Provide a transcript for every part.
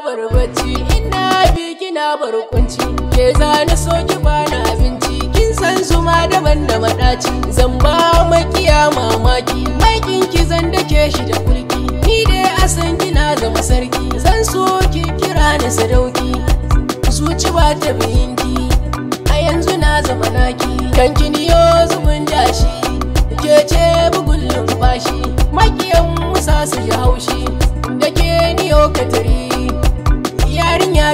barbaci bacci ina bi kina bar na so ki bana abinci kin san zuma daban da madaci zan ba makiya mamaki Mai ki zan dake shi da kulki ni dai a san kina zama sarki zan so ki kira ni sadauki zuci ba ta bihinki a yanzu na zama naki kan kiniyo zubin dashi ke ce bugu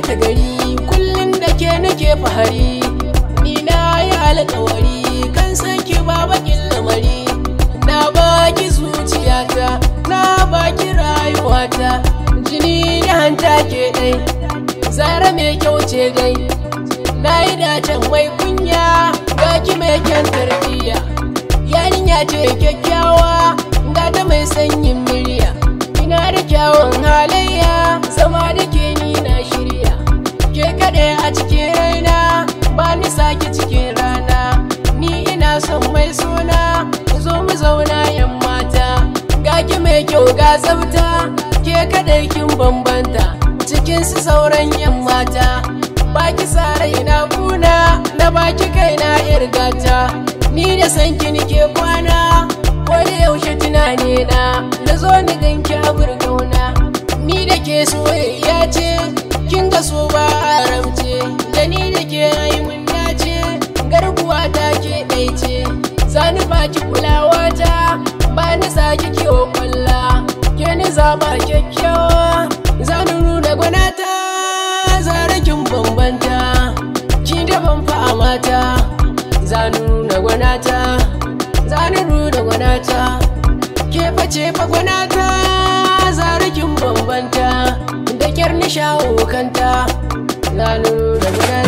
ta gari kullum da ke nake fahari ni na yi alkawari kan ki ba bakin lamari na baki zuciyata na baki rayuwata jini da hanta ke dai zara mai kyau ce dai na yi dacen mai kunya gaki mai kyan tarbiyya yarinya ce kyakkyawa ga ta mai sanyin murya ina da kyawun hali ne a cikin raina ba ni sake cikin rana ni ina son mai suna zo mu zauna yan mata ga ki mai kyau ga tsafta ke kadai kin bambanta cikin su sauran yan mata baki sa raina kuna na baki kaina irgata ni da san ki nike kwana ko da yaushe tunani na na zo ni ganki a burgauna gwanata zanu da gwanata zanu da gwanata ke face fa gwanata zarukin bambanta da kyar nishawo kanta zanu da gwanata